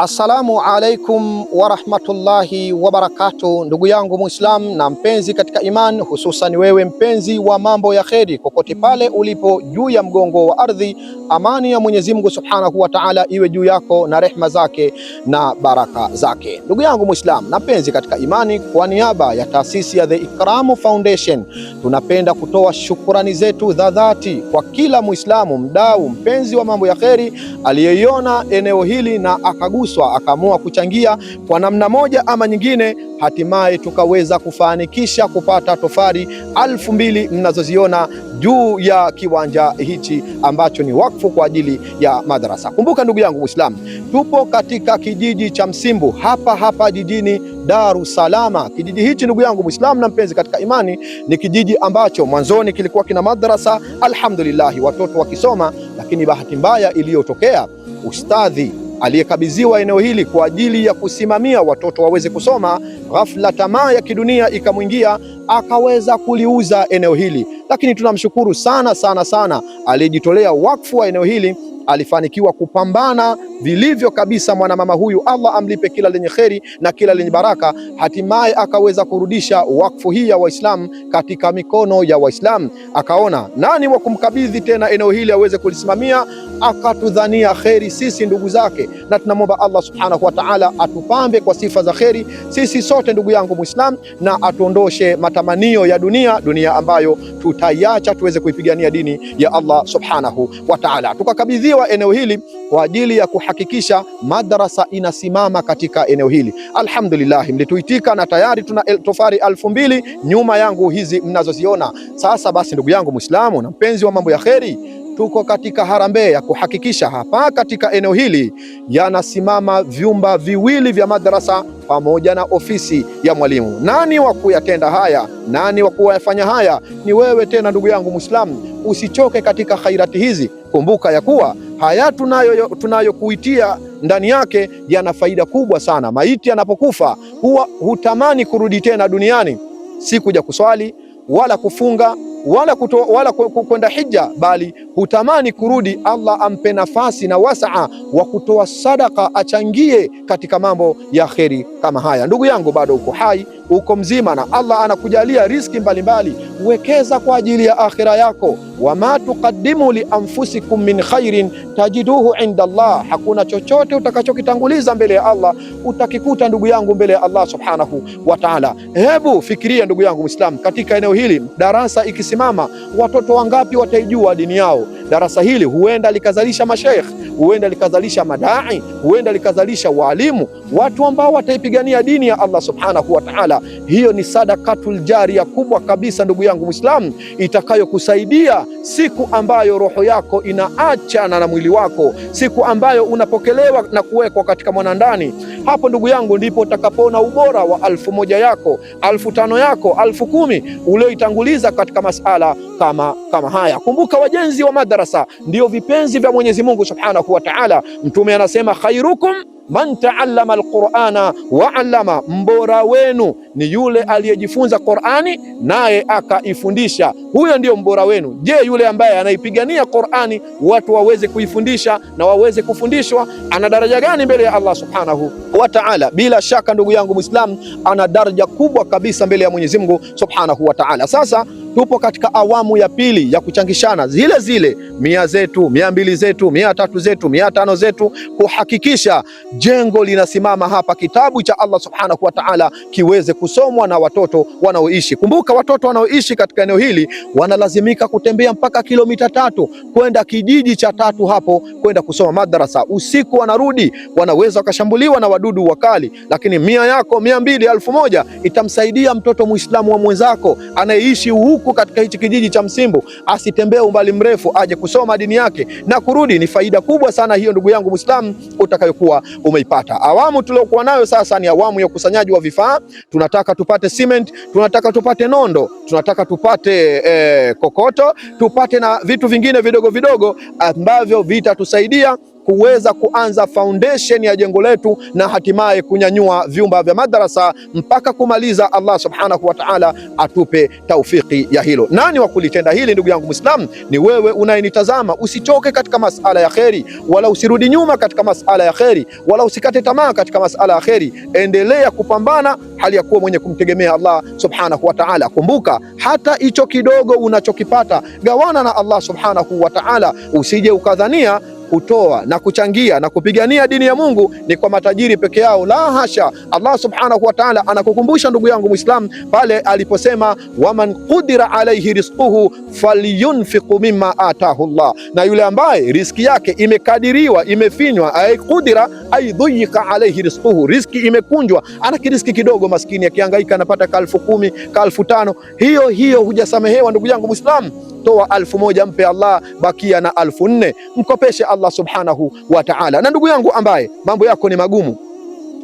Assalamu alaikum warahmatullahi wabarakatuh, ndugu yangu Muislam na mpenzi katika iman, hususan wewe mpenzi wa mambo ya kheri, kokote pale ulipo juu ya mgongo wa ardhi, amani ya Mwenyezi Mungu Subhanahu wa Ta'ala iwe juu yako na rehma zake na baraka zake. Ndugu yangu Muislam na mpenzi katika imani, kwa niaba ya taasisi ya The Ikramu Foundation tunapenda kutoa shukurani zetu za dhati kwa kila Muislamu, mdau, mpenzi wa mambo ya kheri aliyeiona eneo hili na akagusa akaguswa, akaamua kuchangia kwa namna moja ama nyingine, hatimaye tukaweza kufanikisha kupata tofali alfu mbili mnazoziona juu ya kiwanja hichi ambacho ni wakfu kwa ajili ya madarasa. Kumbuka ndugu yangu Muislamu, tupo katika kijiji cha Msimbu hapa hapa jijini Dar es Salaam. Kijiji hichi ndugu yangu Muislamu na mpenzi katika imani, ni kijiji ambacho mwanzoni kilikuwa kina madrasa, alhamdulillah, watoto wakisoma, lakini bahati mbaya iliyotokea ustadhi aliyekabidhiwa eneo hili kwa ajili ya kusimamia watoto waweze kusoma, ghafla tamaa ya kidunia ikamwingia, akaweza kuliuza eneo hili lakini tunamshukuru sana sana sana aliyejitolea wakfu wa eneo hili alifanikiwa kupambana vilivyo kabisa mwanamama huyu, Allah amlipe kila lenye kheri na kila lenye baraka. Hatimaye akaweza kurudisha wakfu hii ya Waislamu katika mikono ya Waislamu, akaona nani wa kumkabidhi tena eneo hili aweze kulisimamia, akatudhania kheri sisi ndugu zake, na tunamwomba Allah subhanahu wa ta'ala atupambe kwa sifa za kheri sisi sote, ndugu yangu Muislamu, na atuondoshe matamanio ya dunia, dunia ambayo tuta tutaiacha tuweze kuipigania dini ya Allah subhanahu wa ta'ala. Tukakabidhiwa eneo hili kwa ajili ya kuhakikisha madrasa inasimama katika eneo hili. Alhamdulillah, mlituitika na tayari tuna tofari elfu mbili nyuma yangu hizi mnazoziona. Sasa basi, ndugu yangu Muislamu na mpenzi wa mambo ya kheri tuko katika harambee ya kuhakikisha hapa katika eneo hili yanasimama vyumba viwili vya madrasa pamoja na ofisi ya mwalimu. Nani wa kuyatenda haya? Nani wa kuyafanya haya? Ni wewe tena, ndugu yangu Muislamu, usichoke katika khairati hizi. Kumbuka ya kuwa haya tunayo tunayokuitia ndani yake yana faida kubwa sana. Maiti anapokufa huwa hutamani kurudi tena duniani, si kuja kuswali wala kufunga wala kuto, wala kwenda hija, bali hutamani kurudi. Allah ampe nafasi na wasaa wa kutoa sadaka, achangie katika mambo ya kheri kama haya. Ndugu yangu, bado uko hai, uko mzima na Allah anakujalia riski mbalimbali mbali. Wekeza kwa ajili ya akhira yako. Wama tuqaddimu li anfusikum min khairin tajiduhu inda Allah, hakuna chochote utakachokitanguliza mbele ya Allah utakikuta ndugu yangu mbele ya Allah subhanahu wa ta'ala. Hebu fikiria ndugu yangu Muislam, katika eneo hili darasa iki ikisimama, watoto wangapi wataijua dini yao? darasa hili huenda likazalisha masheikh, huenda likazalisha madai, huenda likazalisha waalimu, watu ambao wataipigania dini ya Allah subhanahu wa ta'ala. Hiyo ni sadakatul jaria kubwa kabisa, ndugu yangu Muislamu, itakayokusaidia siku ambayo roho yako inaachana na mwili wako, siku ambayo unapokelewa na kuwekwa katika mwanandani. Hapo ndugu yangu, ndipo utakapoona ubora wa alfu moja yako, alfu tano yako, alfu kumi ulioitanguliza katika masala kama, kama haya. Kumbuka wajenzi wa madrasa darasa, ndio vipenzi vya Mwenyezi Mungu Subhanahu wa Ta'ala. Mtume anasema khairukum man taallama alqurana allama, mbora wenu ni yule aliyejifunza Qurani naye akaifundisha. Huyo ndiyo mbora wenu. Je, yule ambaye anaipigania Qurani watu waweze kuifundisha na waweze kufundishwa ana daraja gani mbele ya Allah subhanahu wa taala? Bila shaka ndugu yangu mwislamu ana daraja kubwa kabisa mbele ya Mwenyezi Mungu subhanahu wa taala. Sasa tupo katika awamu ya pili ya kuchangishana zile zile mia zetu mia mbili zetu mia tatu zetu mia tano zetu kuhakikisha jengo linasimama hapa, kitabu cha Allah subhanahu wa ta'ala kiweze kusomwa na watoto wanaoishi. Kumbuka watoto wanaoishi katika eneo hili wanalazimika kutembea mpaka kilomita tatu kwenda kijiji cha tatu hapo kwenda kusoma madrasa. Usiku wanarudi, wanaweza wakashambuliwa na wadudu wakali, lakini mia yako mia mbili elfu moja itamsaidia mtoto muislamu wa mwenzako anayeishi huku katika hichi kijiji cha Msimbu asitembee umbali mrefu aje kusoma dini yake na kurudi. Ni faida kubwa sana hiyo, ndugu yangu muislamu utakayokuwa umeipata. Awamu tuliokuwa nayo sasa ni awamu ya ukusanyaji wa vifaa. Tunataka tupate cement, tunataka tupate nondo, tunataka tupate eh, kokoto, tupate na vitu vingine vidogo vidogo ambavyo vitatusaidia kuweza kuanza foundation ya jengo letu na hatimaye kunyanyua vyumba vya madrasa mpaka kumaliza. Allah subhanahu wa ta'ala atupe taufiki ya hilo. Nani wa kulitenda hili, ndugu yangu Muislam? Ni wewe unayenitazama. Usitoke katika masala ya kheri, wala usirudi nyuma katika masala ya kheri, wala usikate tamaa katika masala ya kheri. Endelea kupambana hali ya kuwa mwenye kumtegemea Allah subhanahu wa ta'ala. Kumbuka hata hicho kidogo unachokipata gawana na Allah subhanahu wa ta'ala, usije ukadhania kutoa na kuchangia na kupigania dini ya Mungu ni kwa matajiri peke yao, la hasha. Allah subhanahu wa ta'ala anakukumbusha ndugu yangu Muislam pale aliposema, waman qudira alaihi rizquhu falyunfiqu mimma atahu Allah, na yule ambaye riski yake imekadiriwa imefinywa, ay qudira ay dhuyika alaihi rizquhu, riski imekunjwa, ana kiriski kidogo, maskini akihangaika anapata ka elfu kumi ka elfu tano hiyo hiyo hujasamehewa ndugu yangu Muislam. Toa elfu moja mpe Allah, bakia na elfu nne mkopeshe Allah. Allah subhanahu wa ta'ala. Na ndugu yangu ambaye mambo yako ni magumu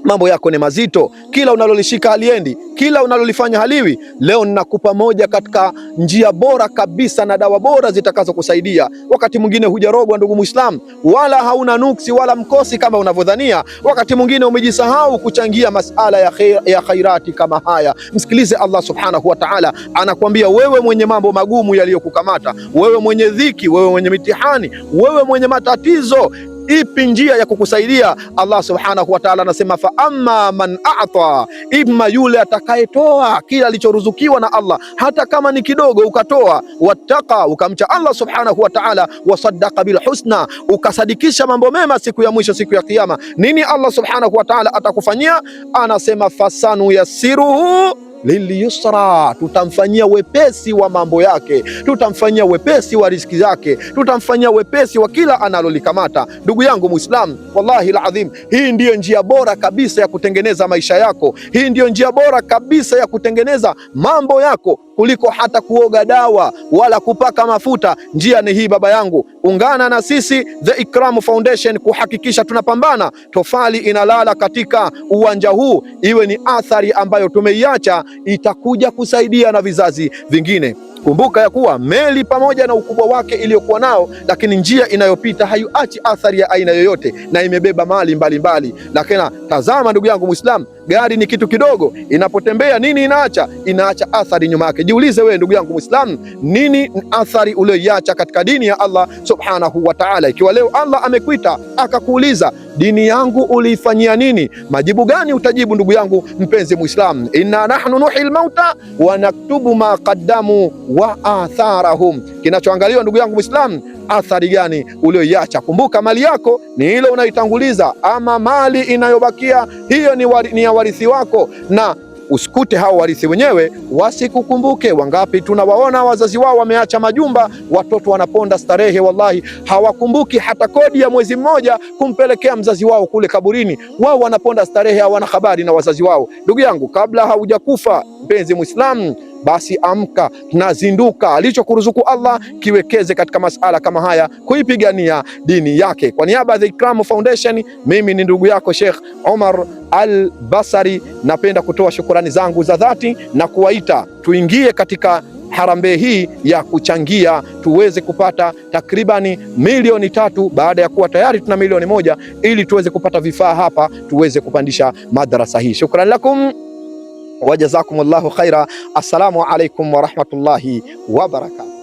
mambo yako ni mazito, kila unalolishika haliendi, kila unalolifanya haliwi. Leo ninakupa moja katika njia bora kabisa na dawa bora zitakazokusaidia. Wakati mwingine hujarogwa, ndugu Muislamu, wala hauna nuksi wala mkosi kama unavyodhania. Wakati mwingine umejisahau kuchangia masala ya, khair, ya khairati kama haya. Msikilize Allah subhanahu wa ta'ala, anakuambia wewe mwenye mambo magumu yaliyokukamata, wewe mwenye dhiki, wewe mwenye mitihani, wewe mwenye matatizo Ipi njia ya kukusaidia? Allah subhanahu wa ta'ala anasema fa amma man a'ta, imma yule atakayetoa kila alichoruzukiwa na Allah, hata kama ni kidogo, ukatoa. Wattaqa, ukamcha Allah subhanahu wa ta'ala. Wasaddaqa bil husna, ukasadikisha mambo mema siku ya mwisho, siku ya Kiyama. Nini Allah subhanahu wa ta'ala atakufanyia? Anasema fasanu yasiruhu yusra tutamfanyia wepesi wa mambo yake, tutamfanyia wepesi wa riziki yake, tutamfanyia wepesi wa kila analolikamata. Ndugu yangu Muislam, wallahi ladhim hii ndiyo njia bora kabisa ya kutengeneza maisha yako. Hii ndiyo njia bora kabisa ya kutengeneza mambo yako kuliko hata kuoga dawa wala kupaka mafuta. Njia ni hii, baba yangu, ungana na sisi The Ikram Foundation kuhakikisha tunapambana. Tofali inalala katika uwanja huu, iwe ni athari ambayo tumeiacha itakuja kusaidia na vizazi vingine. Kumbuka ya kuwa meli pamoja na ukubwa wake iliyokuwa nao, lakini njia inayopita haiachi athari ya aina yoyote, na imebeba mali mbalimbali. Lakini tazama, ndugu yangu Muislamu, Gari ni kitu kidogo, inapotembea nini inaacha? Inaacha athari nyuma yake. Jiulize wewe ndugu yangu Muislamu, nini athari ulioiacha katika dini ya Allah subhanahu wa ta'ala? Ikiwa leo Allah amekuita akakuuliza dini yangu uliifanyia nini? Majibu gani utajibu ndugu yangu mpenzi Muislamu? Inna nahnu nuhil mauta wa naktubu ma qaddamu wa atharahum. Kinachoangaliwa ndugu yangu Muislamu athari gani ulioiacha. Kumbuka mali yako ni ile unaitanguliza, ama mali inayobakia hiyo ni, wari, ni ya warithi wako na usikute hao warithi wenyewe wasikukumbuke. Wangapi tunawaona wazazi wao wameacha majumba, watoto wanaponda starehe, wallahi hawakumbuki hata kodi ya mwezi mmoja kumpelekea mzazi wao kule kaburini. Wao wanaponda starehe, hawana habari na wazazi wao. Ndugu yangu, kabla haujakufa mpenzi Muislamu basi amka na zinduka, alichokuruzuku Allah kiwekeze katika masala kama haya, kuipigania dini yake. Kwa niaba ya The Ikram Foundation, mimi ni ndugu yako Sheikh Omar Al Basari, napenda kutoa shukurani zangu za dhati na kuwaita tuingie katika harambee hii ya kuchangia tuweze kupata takribani milioni tatu baada ya kuwa tayari tuna milioni moja ili tuweze kupata vifaa hapa tuweze kupandisha madarasa hii. Shukrani lakum. وجزاكم الله خيرا السلام عليكم ورحمة الله وبركاته